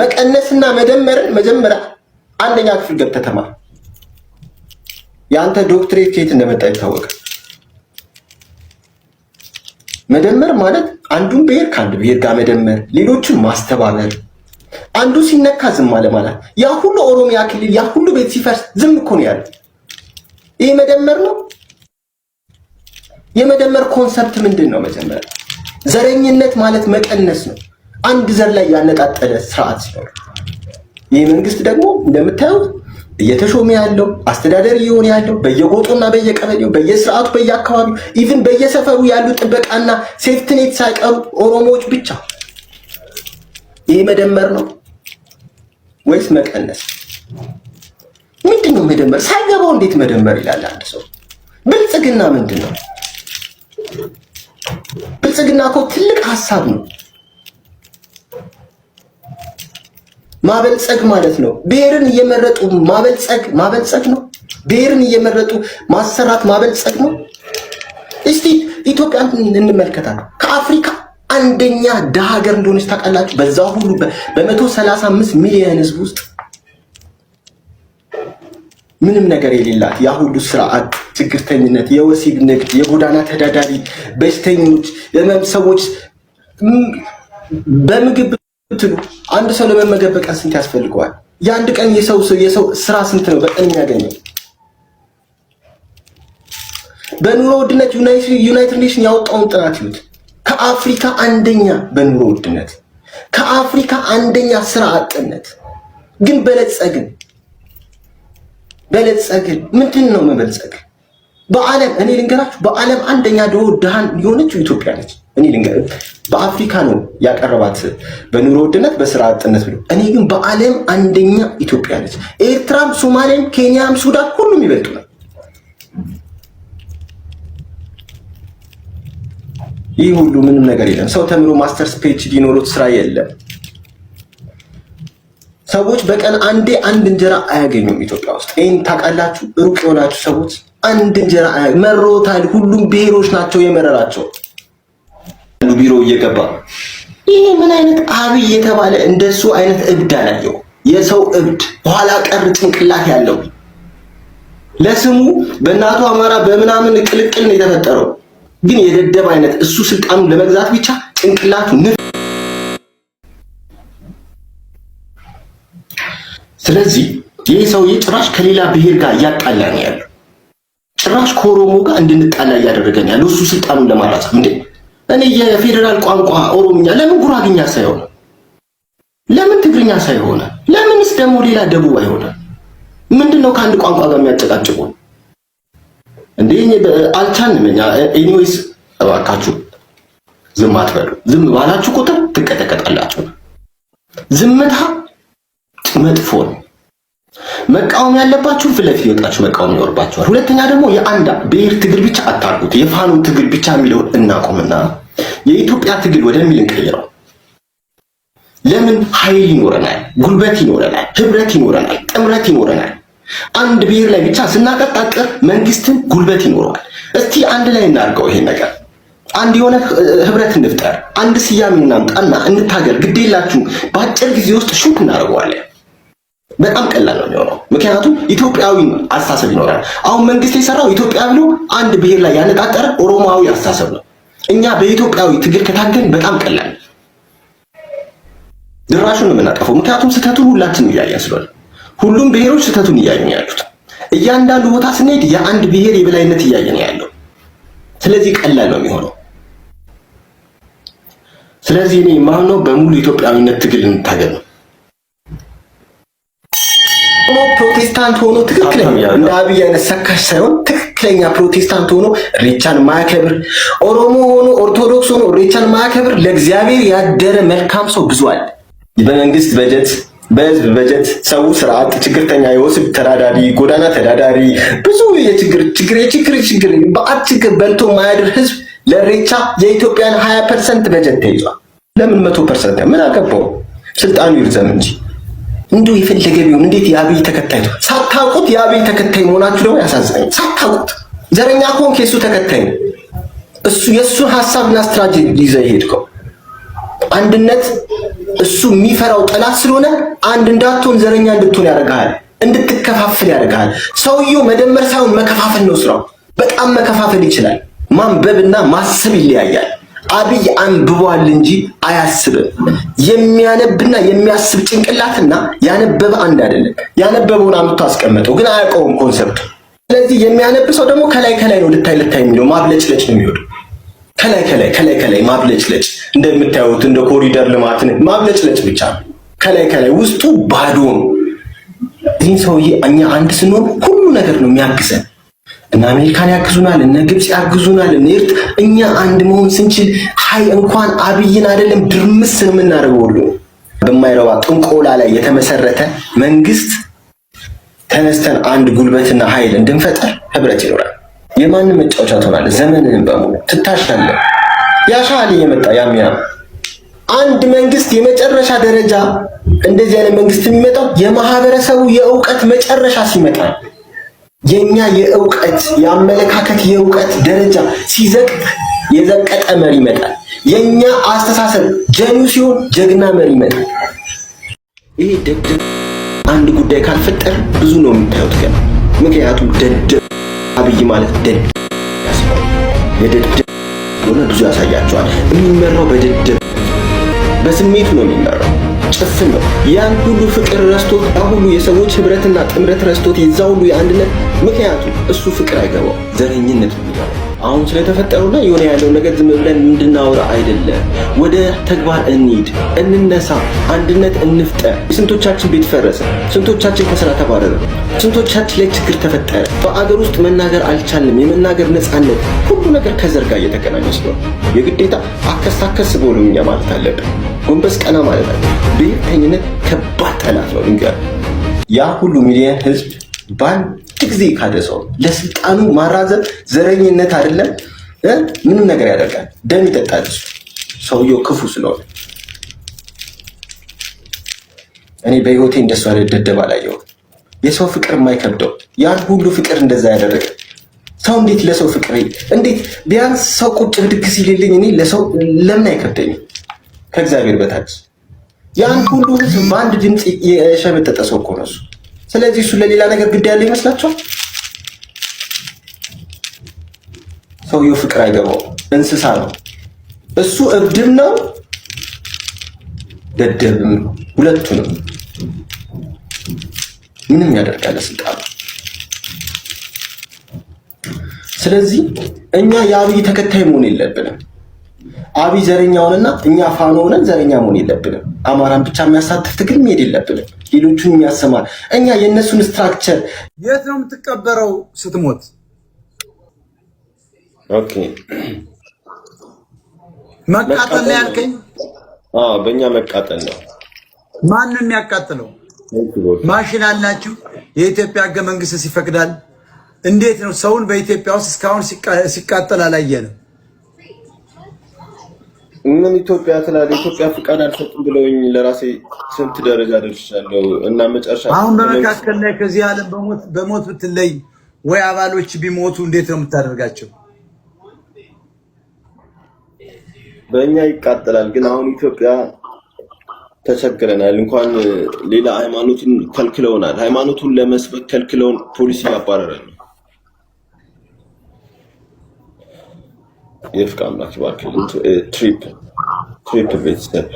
መቀነስና መደመርን መጀመሪያ አንደኛ ክፍል ገብተህ ተማር። የአንተ ዶክትሬት ከየት እንደመጣ ይታወቅ። መደመር ማለት አንዱን ብሔር ከአንድ ብሔር ጋር መደመር፣ ሌሎችን ማስተባበር፣ አንዱ ሲነካ ዝም አለ ማለት። ያ ሁሉ ኦሮሚያ ክልል ያ ሁሉ ቤት ሲፈርስ ዝም እኮ ነው ይህ መደመር ነው? የመደመር ኮንሰፕት ምንድን ነው? መጀመሪያ ዘረኝነት ማለት መቀነስ ነው። አንድ ዘር ላይ ያነጣጠለ ስርዓት ሲኖር ይህ መንግስት ደግሞ እንደምታየው እየተሾመ ያለው አስተዳደር እየሆነ ያለው በየጎጦና በየቀበሌው በየስርዓቱ በየአካባቢው ኢቭን በየሰፈሩ ያሉ ጥበቃና ሴፍትኔት ሳይቀሩ ኦሮሞዎች ብቻ። ይህ መደመር ነው ወይስ መቀነስ? ምንድን ነው መደመር? ሳይገባው እንዴት መደመር ይላል አንድ ሰው። ብልጽግና ምንድን ነው? ብልጽግና እኮ ትልቅ ሀሳብ ነው። ማበልጸግ ማለት ነው። ብሔርን እየመረጡ ማበልጸግ ማበልጸግ ነው። ብሔርን እየመረጡ ማሰራት ማበልጸግ ነው። እስቲ ኢትዮጵያ እንመልከታለን። ከአፍሪካ አንደኛ ደሃ ሀገር እንደሆነች ታውቃላችሁ። በዛ ሁሉ በ135 ሚሊዮን ህዝብ ውስጥ ምንም ነገር የሌላት ያ ሁሉ ስርዓት፣ ችግርተኝነት፣ የወሲብ ንግድ፣ የጎዳና ተዳዳሪ፣ በሽተኞች፣ ህመም ሰዎች በምግብ ብትሉ አንድ ሰው ለመመገብ በቀን ስንት ያስፈልገዋል? የአንድ ቀን የሰው የሰው ስራ ስንት ነው በቀን የሚያገኘው? በኑሮ ውድነት ዩናይትድ ኔሽን ያወጣውን ጥናት ይዩት። ከአፍሪካ አንደኛ በኑሮ ውድነት፣ ከአፍሪካ አንደኛ ስራ አጥነት። ግን በለጸግን በለጸግን። ምንድን ነው መበልጸግ? በዓለም እኔ ልንገራችሁ፣ በዓለም አንደኛ ድሆ ድሃን የሆነችው ኢትዮጵያ ነች። እኔ ልንገር በአፍሪካ ነው ያቀረባት በኑሮ ውድነት በስራ አጥነት ብሎ። እኔ ግን በዓለም አንደኛ ኢትዮጵያ ነች። ኤርትራም፣ ሶማሌም፣ ኬንያም፣ ሱዳን ሁሉም ይበልጡ ነው። ይህ ሁሉ ምንም ነገር የለም። ሰው ተምሮ ማስተርስ ፒኤችዲ ኖሮት ስራ የለም። ሰዎች በቀን አንዴ አንድ እንጀራ አያገኙም ኢትዮጵያ ውስጥ። ይህን ታውቃላችሁ። ሩቅ የሆናችሁ ሰዎች አንድ እንጀራ መሮታል። ሁሉም ብሔሮች ናቸው የመረራቸው ቢሮ እየገባ ይሄ ምን አይነት አብይ የተባለ እንደሱ አይነት እብድ አላየው። የሰው እብድ በኋላ ቀር ጭንቅላት ያለው ለስሙ በእናቱ አማራ በምናምን ቅልቅል ነው የተፈጠረው። ግን የደደብ አይነት እሱ ስልጣኑን ለመግዛት ብቻ ጭንቅላቱ ንፍ ስለዚህ ይህ ሰውዬ ጭራሽ ከሌላ ብሔር ጋር እያጣላ ነው ያለው። ጭራሽ ከኦሮሞ ጋር እንድንጣላ እያደረገን ያለ እሱ ስልጣኑን ለማራዘም እንዴ እኔ የፌዴራል ቋንቋ ኦሮምኛ ለምን ጉራግኛ ሳይሆን ለምን ትግርኛ ሳይሆን ለምንስ ደግሞ ሌላ ደቡብ አይሆን? ምንድነው ከአንድ ቋንቋ ጋር የሚያጨቃጭቁ እንዴ? እኔ አልቻንም። እኛ ኤኒዌይስ እባካችሁ ዝም አትበሉ። ዝም ባላችሁ ቁጥር ትቀጠቀጣላችሁ። ዝምታ መጥፎ ነው። መቃወም ያለባችሁ ፊት ለፊት የወጣችሁ መቃወም ይኖርባችኋል። ሁለተኛ ደግሞ የአንድ ብሔር ትግል ብቻ አታርጉት። የፋኖ ትግል ብቻ የሚለውን እናቆምና የኢትዮጵያ ትግል ወደሚል እንቀይረው። ለምን ኃይል ይኖረናል፣ ጉልበት ይኖረናል፣ ህብረት ይኖረናል፣ ጥምረት ይኖረናል። አንድ ብሔር ላይ ብቻ ስናቀጣቅር መንግስትን ጉልበት ይኖረዋል። እስቲ አንድ ላይ እናድርገው ይሄን ነገር አንድ የሆነ ህብረት እንፍጠር፣ አንድ ስያሜ እናምጣና እንታገር። ግዴላችሁ በአጭር ጊዜ ውስጥ ሹት እናደርገዋለን። በጣም ቀላል ነው የሚሆነው። ምክንያቱም ኢትዮጵያዊ አስተሳሰብ ይኖራል። አሁን መንግስት የሰራው ኢትዮጵያዊ ነው፣ አንድ ብሔር ላይ ያነጣጠረ ኦሮማዊ አስተሳሰብ ነው። እኛ በኢትዮጵያዊ ትግል ከታገን በጣም ቀላል ድራሹን የምናጠፈው ምክንያቱም ስህተቱን ሁላችንም እያየን ስለሆነ ሁሉም ብሔሮች ስህተቱን እያየን ያሉት እያንዳንዱ ቦታ ስንሄድ የአንድ ብሔር የበላይነት እያየን ያለው ስለዚህ ቀላል ነው የሚሆነው። ስለዚህ እኔ የማምነው በሙሉ ኢትዮጵያዊነት ትግል እንታገል ነው። ቆሞ ፕሮቴስታንት ሆኖ ትክክለኛ እንደ አብይ አይነት ሰካሽ ሳይሆን ትክክለኛ ፕሮቴስታንት ሆኖ ሬቻን ማያከብር ኦሮሞ ሆኖ ኦርቶዶክስ ሆኖ ሬቻን ማያከብር ለእግዚአብሔር ያደረ መልካም ሰው ብዙዋል። በመንግስት በጀት በህዝብ በጀት ሰው ስርዓት አጥ ችግርተኛ፣ የወሲብ ተዳዳሪ፣ ጎዳና ተዳዳሪ፣ ብዙ የችግር ችግር የችግር ችግር በአት ችግር በልቶ ማያድር ህዝብ ለሬቻ የኢትዮጵያን ሀያ ፐርሰንት በጀት ተይዟል። ለምን መቶ ፐርሰንት ምን አገባው? ስልጣኑ ይርዘም እንጂ እንዲሁ የፈለገ ቢሆን እንዴት የአብይ ተከታይ ነው ሳታውቁት፣ የአብይ ተከታይ መሆናችሁ ደግሞ ያሳዝናል። ሳታውቁት ዘረኛ ከሆንክ የእሱ ተከታይ ነው። እሱ የእሱን ሀሳብና ስትራቴጂ ይዘህ የሄድከው አንድነት እሱ የሚፈራው ጠላት ስለሆነ አንድ እንዳትሆን ዘረኛ እንድትሆን ያደርግሃል፣ እንድትከፋፍል ያደርግሃል። ሰውየው መደመር ሳይሆን መከፋፈል ነው ስራው። በጣም መከፋፈል ይችላል። ማንበብና ማሰብ ይለያያል። አብይ አንብቧል እንጂ አያስብም። የሚያነብና የሚያስብ ጭንቅላትና ያነበበ አንድ አይደለም። ያነበበውን አምጥቶ አስቀመጠው፣ ግን አያውቀውም ኮንሰፕቱ። ስለዚህ የሚያነብ ሰው ደግሞ ከላይ ከላይ ነው ልታይ ልታይ የሚለው ማብለጭለጭ ነው የሚወዱ ከላይ ከላይ ከላይ ከላይ ማብለጭለጭ፣ እንደምታዩት እንደ ኮሪደር ልማትን ማብለጭለጭ ብቻ ነው። ከላይ ከላይ ውስጡ ባዶ ነው። ይህን ሰውዬ እኛ አንድ ስንሆን ሁሉ ነገር ነው የሚያግዘን እነ አሜሪካን ያግዙናል፣ እነ ግብፅ ያግዙናል፣ እነ ኤርት እኛ አንድ መሆን ስንችል ሀይ እንኳን አብይን አይደለም ድርምስን የምናደርገው ሁሉ በማይረባ ጥንቆላ ላይ የተመሰረተ መንግስት ተነስተን አንድ ጉልበትና ኃይል እንድንፈጠር ህብረት ይኖራል። የማንም መጫወቻ ትሆናለህ። ዘመንንም በሙሉ ትታሻለ። ያሻል እየመጣ ያሚያ አንድ መንግስት የመጨረሻ ደረጃ እንደዚህ አይነት መንግስት የሚመጣው የማህበረሰቡ የእውቀት መጨረሻ ሲመጣ የኛ የእውቀት የአመለካከት የእውቀት ደረጃ ሲዘቅጥ የዘቀጠ መሪ ይመጣል። የኛ አስተሳሰብ ጀኑ ሲሆን ጀግና መሪ ይመጣል። ይሄ ደደብ አንድ ጉዳይ ካልፈጠረ ብዙ ነው የምታዩት ገና። ምክንያቱም ደደብ አብይ ማለት ደደብ የደደብ ሆነ ብዙ ያሳያቸዋል። የሚመራው በደደብ በስሜት ነው የሚመራው ጭፍን ነው። ያን ሁሉ ፍቅር ረስቶት አሁሉ የሰዎች ህብረትና ጥምረት ረስቶት የዛ ሁሉ የአንድነት ምክንያቱ እሱ ፍቅር አይገባው ዘረኝነት ሚለው አሁን ስለተፈጠሩና የሆነ ያለው ነገር ዝም ብለን እንድናወራ አይደለም። ወደ ተግባር እንሂድ፣ እንነሳ፣ አንድነት እንፍጠር። የስንቶቻችን ቤት ፈረሰ? ስንቶቻችን ከስራ ተባረረ? ስንቶቻችን ላይ ችግር ተፈጠረ? በአገር ውስጥ መናገር አልቻልንም። የመናገር ነፃነት፣ ሁሉ ነገር ከዘርጋ ጋር እየተገናኘ ስለሆነ የግዴታ አከስ አከስ ብሎ እኛ ማለት አለብን። ጎንበስ ቀና ማለት ነው። ብሔርተኝነት ከባድ ጠላት ነው። ንገር ያ ሁሉ ሚሊዮን ህዝብ በአንድ ጊዜ ካደሰው ለስልጣኑ ማራዘም ዘረኝነት አይደለም፣ ምንም ነገር ያደርጋል። ደም ይጠጣል እሱ ሰውየው ክፉ ስለሆነ። እኔ በህይወቴ እንደሱ አይነት ደደብ አላየሁም። የሰው ፍቅር የማይከብደው ያን ሁሉ ፍቅር እንደዛ ያደረገ ሰው እንዴት ለሰው ፍቅር እንዴት ቢያንስ ሰው ቁጭ ብድግ ሲልልኝ እኔ ለሰው ለምን አይከብደኝም? ከእግዚአብሔር በታች ያን ሁሉ ህዝብ በአንድ ድምፅ የሸመጠጠ ሰው እኮ ነው እሱ። ስለዚህ እሱ ለሌላ ነገር ግድ ያለው ይመስላችኋል? ሰውየው ፍቅር አይገባው፣ እንስሳ ነው እሱ። እብድም ነው ደደብም ነው፣ ሁለቱ ነው። ምንም ያደርጋለ ስልጣን። ስለዚህ እኛ የአብይ ተከታይ መሆን የለብንም። አብይ ዘረኛውንና እኛ ፋኖ ሆነን ዘረኛ መሆን የለብንም። አማራን ብቻ የሚያሳትፍ ትግል መሄድ የለብንም። ሌሎቹን የሚያሰማር እኛ የእነሱን ስትራክቸር የት ነው የምትቀበረው ስትሞት? ኦኬ መቃጠል ነው ያልከኝ? አዎ በእኛ መቃጠል ነው። ማን ነው የሚያቃጥለው? ማሽን አላችሁ? የኢትዮጵያ ህገ መንግስት ይፈቅዳል። እንዴት ነው ሰውን በኢትዮጵያ ውስጥ እስካሁን ሲቃጠል አላየንም? ምን ኢትዮጵያ ትላለ ኢትዮጵያ ፍቃድ አልሰጥም ብለውኝ ለራሴ ስንት ደረጃ ደርሻለሁ እና መጨረሻ አሁን በመካከል ላይ ከዚህ ዓለም በሞት ብትለይ ወይ አባሎች ቢሞቱ እንዴት ነው የምታደርጋቸው? በእኛ ይቃጠላል። ግን አሁን ኢትዮጵያ ተቸግረናል። እንኳን ሌላ ሃይማኖትን ከልክለውናል። ሃይማኖቱን ለመስበክ ከልክለውን ፖሊሲ ያባረረ? ነው። የፍቃ አምላክ ትሪፕ Three to beat step.